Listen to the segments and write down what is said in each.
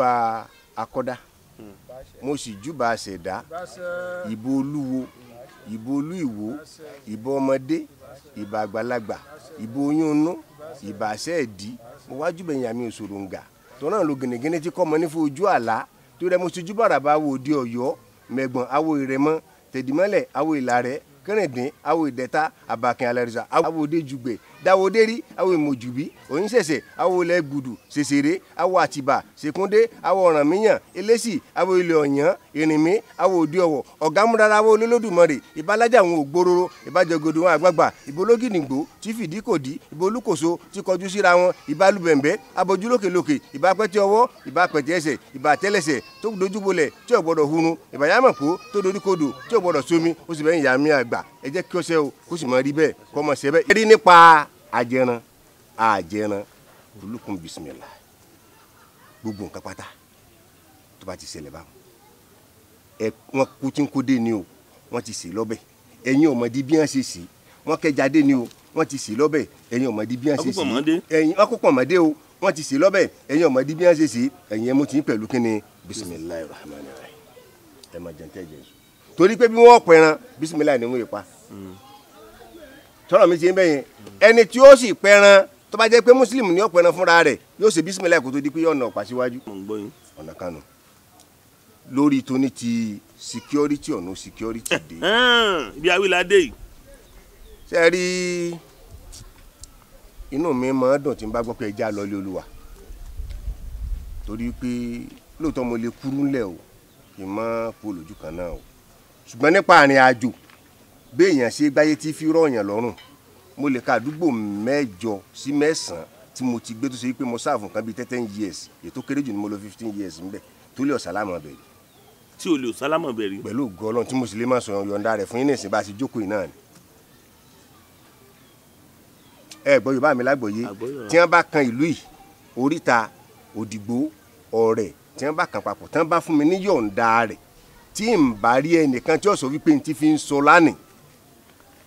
júbà akọ́dá hmm. mo sì júbà ṣẹ̀dá ìbò olúwo ìbò olú ìwò ìbò ọmọdé ìbà àgbàlagbà ìbò oyún inú ìbà àṣẹ́ẹ̀dí mo wá júbà Ìyàmí Òṣòròǹgà tọ́nà ló gẹ̀nẹ́gẹ́nẹ́ ti kọ́ mọ nífo ojú àlá tó rẹ mo sì júbà Àràbà awo òde Ọ̀yọ́ mẹ̀gbọ̀n awo Ìrẹ̀mọ tẹ̀dímọ́lẹ̀ awo Ìlàrẹ̀ kẹrìndín awo Ìdẹ̀ta àbàkìn alẹ́rìsà awo òde Jùgbẹ̀ dawoderi awo ìmọ̀jùbí òyìnsẹ̀sẹ̀ awo ilẹ̀ gbùdù ṣèṣèré awo atiba, ṣèkúndé awo ọ̀rànmíyàn elésì awo ilẹ̀ ọ̀yàn ìrìnmí awo òdi ọ̀wọ̀ ọ̀gámúdára awo olólódùmarè ìbálájà àwọn ògbóróró ìbájọgodo wọn àgbààgbà ìbólógìnìgbò tí fìdí kò dí ìbólúkòso tí kọjú síra wọn ìbálùbẹ̀m̀bẹ́ abojúlókèlókè ìbápẹ́tì ọwọ́ ìbápẹ́tì ẹsẹ̀ ìbátẹ́lẹsẹ̀ tó dojúbolẹ̀ tí ò gbọdọ̀ hurun ìbáyámọ̀pó tó doríkodò tí ò gbọdọ̀ sómi ó sì bẹ́ẹ̀ yàmí àgbà ẹ jẹ́ kí ó ṣe o kó sì mọ rí bẹ́ẹ̀ kọ́ mọ̀ ṣe ẹ rí nípa ajẹran àjẹran olùkún bisimilà gbogbo nǹkan pátá tó bá ti ṣẹlẹ̀ báwọn ẹ wọn kú tí ń kó dé ni o wọn ti sè lọ́bẹ̀ ẹ̀yin ọmọdé bí wọ́n ṣe sè wọn kẹja dé ni o wọn ti sè lọ́bẹ̀ ẹ̀yin ọmọdé bí wọ́n ṣe sè ẹ̀yin akókò ọmọdé o wọn ti sè lọ́bẹ̀ ẹ̀yin ọmọdé bí wọ́n ṣe sè ẹ̀yin ẹmu ti ń pẹ̀lú kíni bisimilayi rahman rahim ẹ ma jẹun tẹ́ jẹ torí pé bí wọ́n pẹran bisimilayi ni wọ́n yẹ pa. Hmm tọ́rọ̀ mi ti ń bẹ̀ yẹn ẹni tí ó sì pẹran tó bá jẹ́ pé mùsùlùmí ni ó pẹran fúnra rẹ̀ yóò ṣe bísímìlà kó tó di pé ọ̀nà ọ̀pá síwájú. ọ̀nà kanu lórí tóní ti security ọ̀nà security dé. ibi awilade yìí. ṣe é rí inú mi máa dùn tí n bá gbọ́ pé ẹja lọ lé olúwa torí pé lóòótọ́ mo lè kúrú ńlẹ̀ o kì í má polójú kan náà o ṣùgbọ́n nípa àrìn àjò béèyàn ṣe gbáyé tí fi rọ̀yàn lọ́rùn mo lè ka àdúgbò mẹ́jọ sí mẹ́sàn-án tí mo ti gbé tó ṣe wípé mo sáà fún bíi ten years ètò kéré jù ni mo lò fifteen years ńbẹ̀ tó lè ọ̀sálámọ̀ bẹ̀rẹ̀. tí o lè ọ̀sálámọ̀ bẹ̀rẹ̀. pẹ̀lú ògo Ọlọ́run tí mo sì lè máa sọ yọ̀ǹda rẹ̀ fún yín nìsín bá a ṣe jókòó iná ni. ẹ gbọ́ Yorùbá mi lágbòye tí wọ́n bá kan ìlú yìí oríta òdìgbò ọ̀rẹ́ tí wọ́n bá kan papọ̀ tí wọ́n bá fún mi ní yọ̀ǹda rẹ̀ tí n bá rí ẹnìkan tí ọ̀sọ̀ wípé ti fi ń sọ lánìí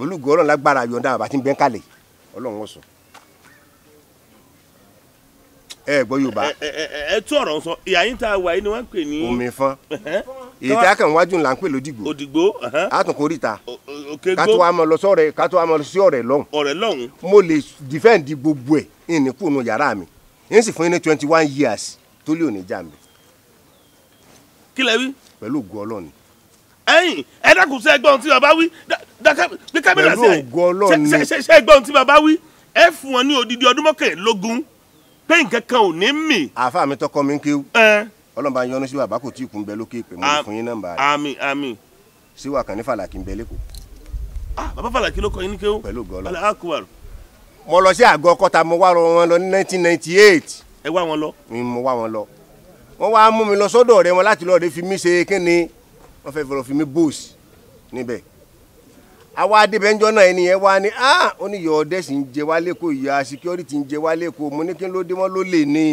pẹ̀lú gọ́ọ̀rọ̀ lágbára yọ̀ǹda bàbá tí ń bẹ́ ń kalẹ̀ ọlọ́run ọ̀sùn. ẹ gbọ́ yorùbá. ẹ tú ọ̀rọ̀ sọ ìyá yín tá a wà yín ni wọ́n ń pè ní. omi fọ́n èyí tí a kàn wájú là ń pè lódìgbò òdìgbò àtúnkò ríta kátó wa mọ lọ sọ̀rọ̀ kátó wa mọ lọ sí ọ̀rẹ́ lọ́hùn ọ̀rẹ́ lọ́hùn mo lè dìfẹ́ǹdì gbogbo ẹ̀ ìníkùnú yàrá mi ń sì fún yín ní twenty one years tó lè òní jà mí. kí wí. pẹ̀lú ògùn ọlọ́ọ̀ni ẹ̀yin ẹ dákun sí ẹgbọ́n tí bàbá wí bí kábílà sí ẹ ẹgbọ́n tí bàbá wí ẹ fún wọn ní odidi ọdún mọ́kànlélógún pé nǹkan kan ò ní mì. àáfàá mi tọkọ mi ń kéwù ọlọ́run bá yọ́nú sí bàbá kò tí ì kún bẹ lókè pé mo fún yín nọ́mbà rẹ̀ àmín àmín. síwá kan ní fàlàkì ń bẹ lẹ́kọ̀ọ́. ah bàbá fàlàkì ló kọ yín ní kéwù pẹ̀lú gọ́ọ̀lọ́ aláàkúwàrù. mo lọ sí àgọ́ kọ́ta mo wá wọn lọ ní nineteen ninety eight. ẹ wá wọn lọ. mo wá wọn lọ. wọ́n wá mú mi lọ sọ́dọ̀ ọ̀rẹ́ wọn láti lọ́ọ́ wọ́n fẹ́ fọ̀rọ̀ fi mí bóòsì níbẹ̀ àwa adébẹ́njọ́ náà ẹni yẹn wá ní ah! ó ní yọ ọdẹ sì ń jẹ wá lẹ́kọ̀ọ́ ìyá security ń jẹ wá lẹ́kọ̀ọ́ mo ní kí ló dé wọ́n ló lè ní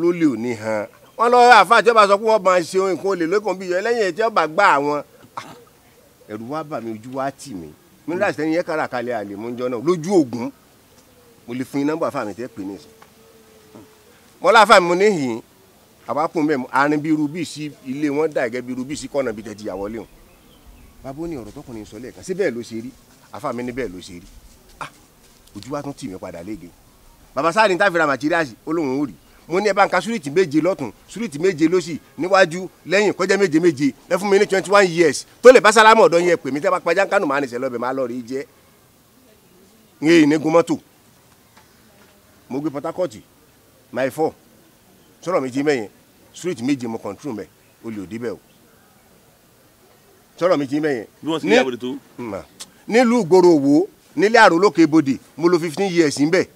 ló lè ò ní hàn wọ́n lọ àfa àti ọba sọ pé wọ́n máa ṣe ohun nǹkan olè lókun bí yọ lẹ́yìn etí ọba gbá àwọn ah! ẹ̀rù wá bà mí ojú wá tì mí mi nígbà tí yẹn kára kalẹ̀ àlè mú jọ náà lójú ògún mo lè fún yín nọ́mbà fáàmì tẹ́ pè ní ìsìn mọ́lá fáàmì mo ní hìn àbákùn mẹ́mu arin bíi rubí sí ilé wọn dà gẹ́gẹ́ bíi rubí sí kọ́nà bíi tẹ̀tí ìyàwó léwọn. bàbá ó ní ọ̀rọ̀ tọkùnrin sọ lẹ́ẹ̀kan sí bẹ́ẹ̀ ló ṣe rí àfa mi ní bẹ́ẹ̀ ló ṣe rí ah ojú wa tún tì mí padà léegi bàbá sáà ní táfìrà màtíríàsì olóhùn ó mo ní ẹ bá ń ka súrìtì méje lọ́tún súrìtì méje lọ́sì níwájú lẹ́yìn kọjá méje méje ẹ fún mi ní twenty one years tó lè sọ̀rọ̀ mi ti mẹ́yìn street méje mo control mẹ́ o lè bẹ́ẹ̀ o sọ̀rọ̀ mi ti mẹ́yìn. bí wọ́n ti ní àbòdì tó. Hmm. nílùú ìgboro wo nílé àròlókè ibodè mo lo fifteen years ń bẹ̀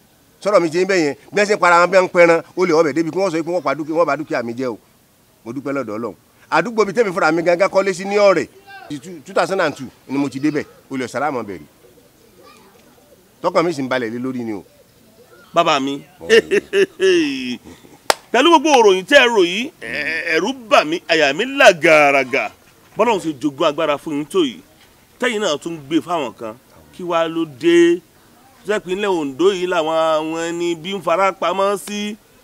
sọ̀rọ̀ mi ti mẹ́yìn bí wọ́n ṣe para wọn bí wọ́n pẹran o lè ọbẹ̀ débi kí wọ́n sọ pé wọ́n bá dúkìá mi jẹ́ o mo dúpẹ́ lọ́dọ̀ Ọlọ́run àdúgbò bíi tẹ́mi fúnra mi gangan kọ́lé sí ní ọ̀rẹ́ two thousand and two ni mo ti débẹ̀ olè ọ̀sálàmọ̀ mi sì ń balẹ̀ lé ni o. bàbá mi pẹ̀lú gbogbo òròyìn tẹ́ ẹ rò yìí bà mí àyà mi là gàràgà bọ́lọ́run ṣe jogún agbára fún yín tó yìí tẹ́yìn náà tún gbé fáwọn kan kí wàá ló dé sẹ́pìnlẹ̀ Ondo yìí làwọn àwọn ẹni bí ń fara pamọ́ sí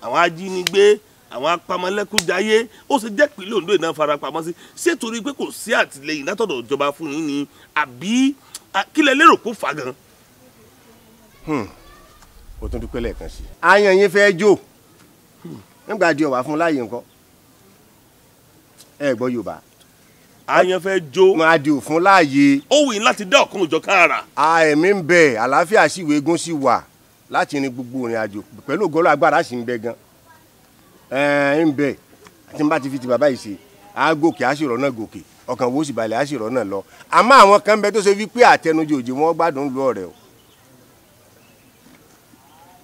àwọn ajínigbé àwọn apamọ́lẹ́kújayé ó ṣe jẹ́ pínlẹ̀ Ondo yìí náà fara pamọ́ sí ṣé torí pé kò sí àtìlẹyìn látọ̀dọ̀ ìjọba fún yín ni àbí kílẹ̀ lérò kó fà gan. Hmm. o tún dúpẹ́ lẹ́ẹ̀kan sí i. ayan yín fẹ́ jó nígbà di ọ̀wà fún láàyè ńkọ́ ẹ gbọ́ yorùbá. àyàn fẹ́ jó. máa di òfun láàyè. ó wù yín láti dá ọ̀kan òjọ̀ káàrà. a ẹ̀mí ń bẹ àlàáfíà sì wé egun sì wà láti rin gbogbo ìrìn àjò pẹ̀lú ògọ́lọ́ agbára sì ń bẹ gan. ẹ ń bẹ tí n bá ti fi ti bàbá yìí ṣe á gòkè á sì rọ̀ náà gòkè ọkàn wo sì balẹ̀ á sì rọ̀ náà lọ. àmọ́ àwọn kan bẹ tó ṣe wípé àtẹnujò òjì wọn gbádùn lọ rẹ̀ o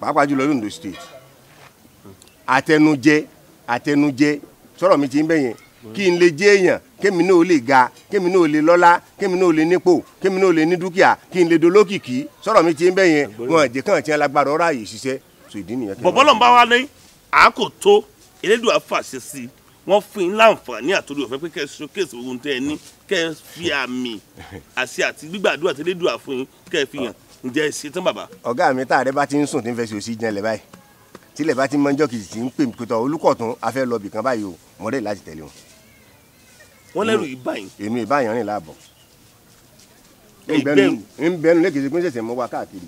pàápàá jùlọ lóńdó state àtẹnujẹ àtẹnujẹ sọ̀rọ̀ mi ti ń bẹ̀yẹn kí n lè jẹ́ èèyàn kémi náà lè ga kémi náà lè lọ́lá kémi náà lè nípò kémi náà lè ní dúkìá kí n lè dolókìkí sọ̀rọ̀ mi ti ń bẹ̀yẹn wọn jẹ́ kàn tiẹ́ lágbára ọ̀rọ̀ àyè ṣiṣẹ́ tó ìdí nìyẹn. bọ̀bọ́lọ̀ ń bá wa ní àákò tó elédùn àfàṣe sí i wọ́n fún yín láǹfààní àtòrí ọ̀fẹ́ pé kẹ́ ẹ ṣókèsì ogun tẹ́ ẹ ní kẹ́ ẹ fi àmì àṣẹ àti gbígbàdúrà tẹ́lẹ́dùn àfún yín kẹ́ ẹ fi hàn ǹjẹ́ ẹ ṣetán bàbá. ọ̀gá mi táàrẹ́ bá ti ń sùn tí ń fẹ́ ṣe òṣì jẹ́ lẹ́ báyìí tílẹ̀ bá ti mọ ọjọ́ kejì tí ń pè mí pé tọ́ olùkọ̀tún afẹ́ lọ bìkan báyìí o mo rẹ̀ láti tẹ̀lé wọn. wọ́n lẹ́rù ìbáyìn. èmi ìbáyìn rìn láàbọ̀. ń bẹnu lẹ́kìtì pé ṣẹ̀ṣẹ̀ mọ́ wa káàkiri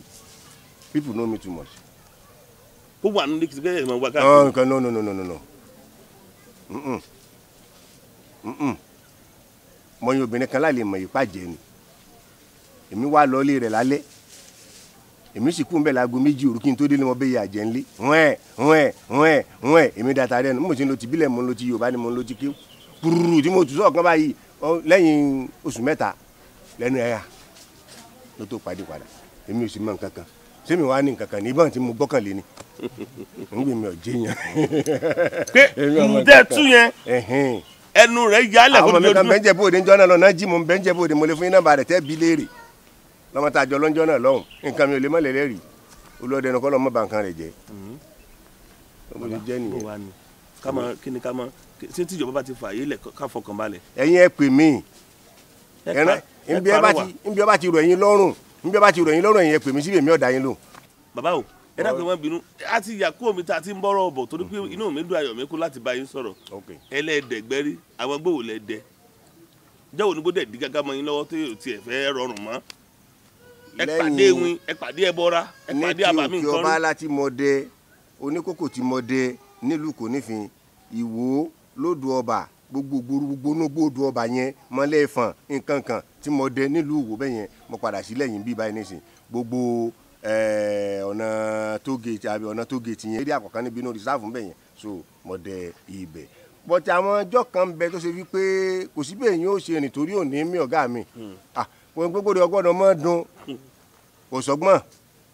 people know me too much. gbogbo àánú lẹ́kìtì pé ṣẹ̀ṣẹ̀ mọ́ wa káàkiri. nǹkan no no no no no no mọ̀nyí obìnrin kan láì lè mọ̀ yípa jẹ́ ni èmi wá lọ rẹ̀ lálẹ́ èmi sì kú ń bẹ̀ láago méjì òru kí n tó délé wọn bẹ́ẹ̀ yà jẹ́ ńlé wẹ́ẹ̀ wẹ́ẹ̀ wẹ́ẹ̀ wẹ́ẹ̀ èmi data rẹ̀ mo ti ń lo ti bílẹ̀ mo ń lo ti yorùbá ni mo ń lo ti kéw kúrúrú tí mo tù sọ̀ kan báyìí lẹ́yìn oṣù mẹ́ta lẹ́nu ẹ̀yà ló tó padì padà èmi ò sì mọ nǹkan kan sẹ́mi wàá ní nǹkan kan ní ìbọn tí mo gbọ́kànlé ni n gbé mi ò jẹyàn. pé ǹdẹ́ tún yẹn ẹnu rẹ̀ yálẹ̀ kó tó dún. àwọn mẹ̀kan bẹ́ńjẹ̀ bóde ń jọ́ náà lọ náà jí mo bẹ́ńjẹ̀ bóde mo lè fún yín bàrẹ̀ tẹ́ bi léèrè lọ́mọ tá a jọ lọ́njọ́ náà lọ́hùn nǹkan mi ò lè mọ̀ lẹ́lẹ́ rí olóòdè ẹnu kọ́ lọ́mọ bá nǹkan rẹ̀ jẹ́ ọmọ mi jẹ́ nìyẹn. kámọ kí ni kámọ ṣé tíjọba bá ti fà yé lẹ ká fọkàn balẹ̀. ẹ̀yin ẹ pè mí nbí ọba ti rọ ẹ̀yin lọ́rùn nbí ọba ti rọ ẹ̀yin lọ́rùn ẹ̀yin ẹ pè mí síbi èmi ọ̀dà yín lò. bàbá o ẹ dákun má bínú a ti yà kó omi tá ti ń bọ́rọ̀ bọ̀ torí pé mm-hmm. inú mi dùn ayọ̀ mi kú láti bá yín sọ̀rọ̀ ẹlẹ́ẹ̀dẹ̀gbẹ́rí àwọn gbòòlẹ̀ dẹ jẹ́wọ́ ní gbọ́dọ̀ dí gágá mọ́ yín lọ́wọ́ tó yóò tiẹ̀ fẹ́ rọrùn mọ́ ẹ pàdé ewin ẹ pàdé ẹbọra ẹ pàdé àbàmì nǹkan. ní ti òkè ọba láti mọdẹ oníkókò ti mọdẹ nílùú kò nífin ìwò lódò ọba gbogbo gbogbo gbòdò ọba yẹn mọlẹ ìfọn nǹkan kan ti mọdẹ nílùú ìwò bẹ́ẹ̀ yẹn mo padà sí lẹ́yìn bíi báyìí nísìn gbogbo eh, ọ̀nà tógeètì àbí ọ̀nà tógeètì yẹn eré àkọ́kọ́ níbi inú rìsáàfù bẹ́ẹ̀ yẹn so mọdẹ ibẹ̀ bọ̀tí àwọn ọjọ́ kan bẹ tó ṣe wípé kò síbẹ̀ yín ó ṣe nítorí òní mi ọ̀gá mi. Hmm. Ah, wọn gbogbo rẹ ọgbọ́dọ̀ mọ́ dùn òṣọgbọ́n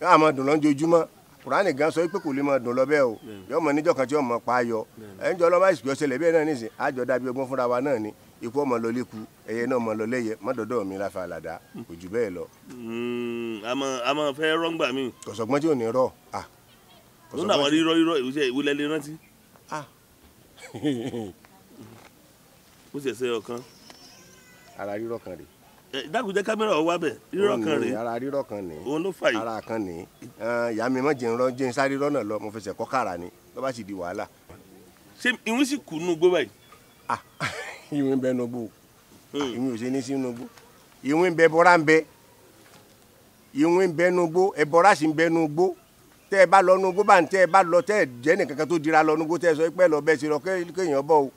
yóò máa dùn lọ́njojúmọ́ kùránì gan sọ pé kò lè máa dùn lọ bẹ́ẹ̀ o yóò mọ níjọ́ kan tí yóò mọ pa ayọ̀ ẹnjọ́ lọ́ba ìsìnkú ọ̀sẹ̀ lẹ́bí ẹ̀ náà nìsín àjọ dàbí ogun fúnra wa náà ni ikú ọmọ lọ lẹ́kù ẹyẹ náà mọ lọ lẹ́yẹ mọ́dọ̀dọ̀ mi láfa àlàdá kò jù bẹ́ẹ̀ lọ. Hmm, a máa fẹ́ rọ́ngbà mi. kọ̀sọ̀gbọ́n tí ò ní rọ̀ à. lónà àwọn rírọ rírọ ìwúṣẹ ìwúlẹ̀ lè rántí. ó ṣẹ̀ṣẹ̀ ọ̀kan. ara rírọ̀ kan rèé Eh, dákúnjẹ kámẹ́rà ọ̀wá bẹ̀ rírọ̀ kan rèé ara rírọ̀ kan nìí òun ló fà yìí ara kan nìí ìyá mi mọ̀ jẹun rán jẹun sáré rọ́nà lọ mo fẹsẹ̀ kọ́ kàrà ni ló bá sì di wàhálà. ṣé ìwé sì kù nù gbó báyìí. ìwé ń bẹ nù bò ìwé ò ṣe ní sí nù bò ìwé ń bẹ bọ́ra ń bẹ ìwé ń bẹ nù gbó sì ń bẹ nù tẹ ẹ bá lọ nù bá ń tẹ ẹ bá lọ tẹ ẹ jẹ́ nìkankan tó dira lọ nù tẹ ẹ sọ pé lọ bẹ́ẹ̀ ṣe lọ kéèyàn bọ̀ o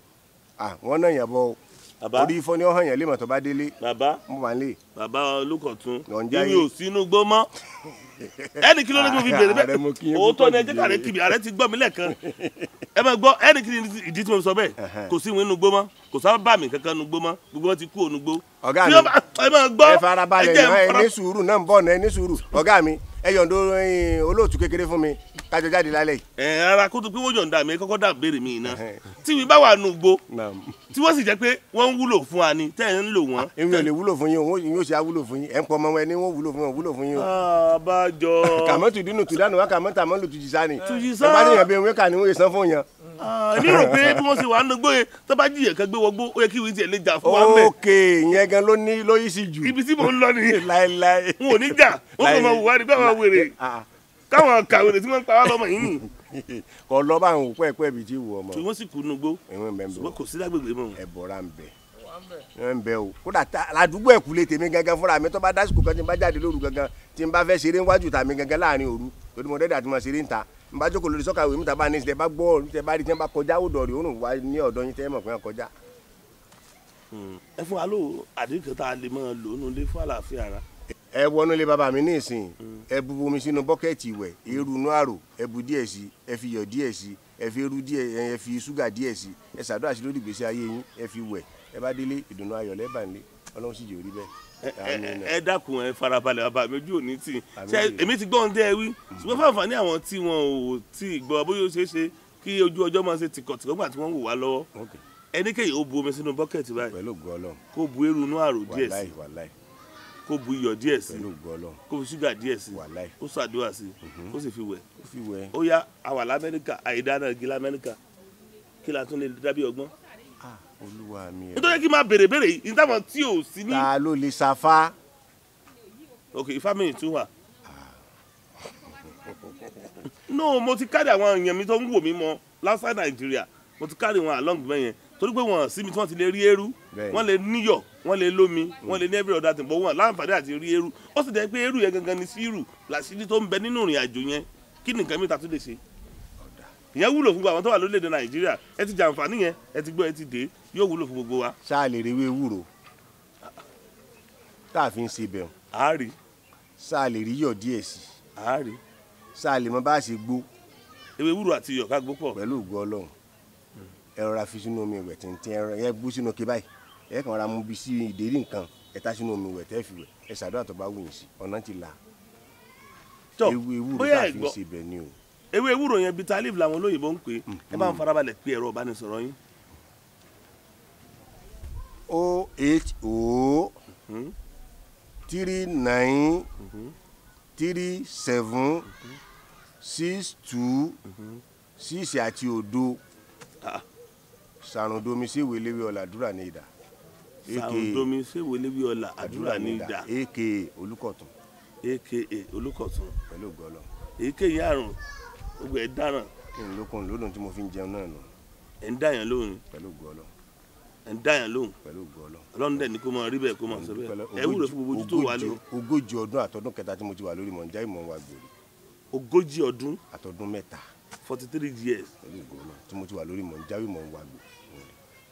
àwọn náà yàn bọ̀ o baba orí ifọ ni ọ hàn yẹn lè mọ tó bá délé baba mo wà lè. baba olùkọ̀tún ibi ò sínú gbó mọ́ ẹnì kí ló ní kí mo fi bèrè bẹ́ẹ̀ òótọ́ ni ẹjẹ́ kàrẹ́ kìbi ààrẹ ti gbọ́ mi lẹ́ẹ̀kan ẹ máa gbọ́ ẹnì kí ni ìdí tí mo sọ bẹ́ẹ̀ kò sí ìwé nu gbó mọ́ kò sábà bá mi kankan nu gbó mọ́ gbogbo wọn ti kú ònu gbó. ọ̀gá mi ẹ máa gbọ́ ẹ farabalẹ̀ náà ẹ ní sùúrù náà ń bọ̀ náà ẹ ní sùúrù ọ̀gá mi ẹ yọ̀ǹdó olóòtú kékeré fún mi kájọ jáde lálẹ́ yìí. ẹ ara kó tó pé wọ́n yọ̀ǹda mi kọ́kọ́ dà béèrè mi iná tí mi bá tí wọ́n sì jẹ́ pé wọ́n ń wúlò fún wa ni tẹ́ ẹ̀ ń lò wọ́n. Ah, èmi ò lè wúlò fún yín o yín yóò ṣe àwúlò fún yín ẹ̀ ń pọ ọmọ ẹni wọ́n wúlò fún yín wúlò fún yín o. àbájọ. Ah, kàmọ́ tù dínú tù dánù wá kàmọ́ tà mọ́ lò tùjìsá ni. tùjìsá ẹ bá níyàn bí ewé kà ní wọ́n san fún yàn. ní ah, rò pé bí wọ́n ṣe wà nínú gbóyè tó bá jìyàn kan gbé wọgbó ó yẹ kí wíìtì ẹ̀ lè jà fún wa ń lọ wá ní bẹ́ẹ̀ máa kọ lọ bá àwọn òpó ẹ̀pẹ́ ibi tí wù ọmọ. tí wọ́n sì kú nugbó ṣùgbọ́n kò sí lágbègbè mọ́. ẹ bọ̀ra ń bẹ̀ ń bẹ̀ o kódà ládùúgbò ẹ̀kúlé tèmi gangan fúnra mi tó bá dásìkò kan tí n bá jáde lóru gangan tí n bá fẹ́ ṣeré níwájú tàmí gangan láàrin òru torí mo dẹ́dà tí mo ṣeré ń ta n bá jókòó lórí sọ́kàwé mi tàbá ní ìṣẹ̀lẹ̀ bá gbọ́ ìṣẹ̀lẹ̀ bá rí tí wọ́n bá kọjá ó dọ̀rí òun wá ní ọ̀dọ́ yín tẹ́ mọ̀ pé wọ́n kọjá. Hmm. ẹ fún wa lóò àdéhùn kan a lè máa lò ó nulẹ̀ fún àlàáfíà ara ẹ wọnú ilé bàbá mi ní ìsìn ẹ bu omi sínú bọ́kẹ́ẹ̀tì ìwẹ̀ eérú inú àrò ẹ bu díẹ̀ sí ẹ fi yọ̀ díẹ̀ sí ẹ fi eérú díẹ̀ ẹ fi ṣúgà díẹ̀ sí ẹ ṣàdúrà sí lórí ìgbésí ayé yín ẹ fi wẹ̀ ẹ bá délé ìdùnnú ayọ̀ lẹ́bà ńlé ọlọ́run sì jẹ́ orí bẹ́ẹ̀ ẹ dákun ẹ farabalẹ̀ bàbá mi ojú òní tì ṣe èmi ti gbọ́ ohun wí ṣùgbọ́n fáfàní àwọn tí wọn ò tí ì gbọ́ bóyá ó ṣeé ṣe kí ojú ọjọ́ máa ṣe tìkọ̀tìkọ̀ gbà tí wọ́n wò wá lọ́wọ́ ẹnikẹ́yìí ó bu omi sínú bọ́kẹ́ẹ̀tì báyìí kó bu eérú inú àrò díẹ̀ sí i kó bu iyọ̀ díẹ̀ sí kó bu ṣúgà díẹ̀ sí kó ṣàdúrà sí mhm. kó sì fi wẹ̀ ó yá àwà lamẹ́ríkà àìdáná igi lamẹ́ríkà kí la tún lè dábìí ọgbọ́n. olúwa mi ẹ. nítorí kí n máa béèrè béèrè yìí ní tí ò sí ní. ta ló lè ṣàfà. ok ifá tún wà. no mo ti kárí àwọn èèyàn mi tó ń wò mí mọ lásán nàìjíríà mo ti kárí wọn along bẹ́yẹn torí pé wọn sí mi tí wọ́n ti lè rí eérú wọ́n lè níyọ̀ wọ́n lè lómi wọ́n lè ní every other thing but wọ́n láǹfààní àti rí eru ó sì jẹ́ pé eru yẹn gangan ni síìrù làṣírí tó ń bẹ nínú ìrìn àjò yẹn kí nìkan mìíràn tó lè ṣe ìyẹn wúlò fún gbogbo àwọn tó wà lórílẹ̀‐èdè nàìjíríà ẹ ti jàǹfààní yẹn ẹ ti gbọ́ ẹ ti dé yóò wúlò fún gbogbo wa. ṣáà lè rí wéwúrò tá a fi ń ṣe bẹ̀rù. a rí. ṣáà lè rí yọ̀ díẹ̀ sí. a rí. ṣáà lè mọ bá a ṣe gbó. ewé wúrò àti iyọ̀ ká gbó pọ̀. pẹ̀lú ògo ọlọ́run ẹ̀rọ ra fi sínú omi ìwẹ̀ tí ń tẹ́ ẹ̀rọ yẹn gbó sínú kí ẹ kàn ra mu bi sí ìdérí nǹkan ẹ ta sínú omi wẹ̀ tẹ́ fi wẹ̀ ẹ ṣàdúrà tó bá wù yín sí ọ̀nà ti là. tọ bóyá ẹ gbọ́ ewé ewúro yẹn bíi talif làwọn olóyìnbó ń pè é mm-hmm. bá ń farabalẹ̀ pé ẹ̀rọ ìbánisọ̀rọ̀ yín. o h o three nine three seven six two mm-hmm. Mm-hmm. six àti òdo ah. sàrùndómi sí ìwé léwé ọ̀làdúrà ní ìdá sàǹdomi sèwélébi ọlà àdúrà ní ìdá aka olùkọ̀tún aka olùkọ̀tún pẹ̀lú ògbọlọ èké yìí àrùn gbogbo ẹ dáràn. kí ni lókun lódùn tí mo fi ń jẹun náà nù. ẹ ń dáyàn lóhùn. pẹ̀lú ògbọlọ. ẹ ń dáyàn lóhùn. pẹ̀lú ògbọlọ. ọlọ́run dẹ̀ ni kó máa rí bẹ́ẹ̀ kó máa sọ bẹ́ẹ̀ ẹ wúlò fún gbogbo ojú tó wà lọ. ogójì ọdún àtọdún kẹta tí mo ti wà lórí mọ̀ ń já ìmọ̀ wa gbòòrò. ogójì ọdún. àtọdún mẹ́ta. forty three years. pẹ̀lú ògbọlọ tí mo ti wà lórí mọ̀ ń já ìmọ̀ wa gbòòrò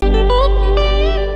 Thank you.